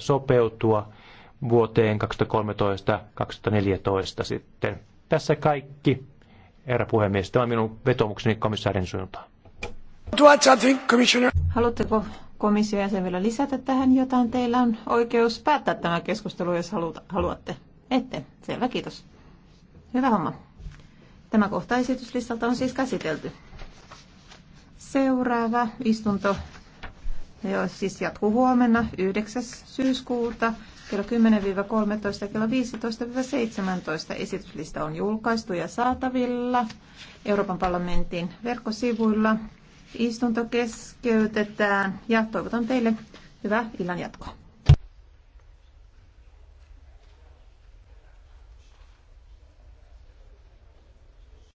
sopeutua vuoteen 2013-2014 sitten. Tässä kaikki, herra puhemies. Tämä on minun vetomukseni komissaarin suuntaan. Haluatteko komission jäsen vielä lisätä tähän jotain? Teillä on oikeus päättää tämä keskustelu, jos haluatte. Ette. Selvä, kiitos. Hyvä homma. Tämä kohta esityslistalta on siis käsitelty. Seuraava istunto Joo, siis jatkuu huomenna 9. syyskuuta kello 10-13 ja kello 15-17. Esityslista on julkaistu ja saatavilla Euroopan parlamentin verkkosivuilla. Istunto keskeytetään ja toivotan teille hyvää illan jatkoa.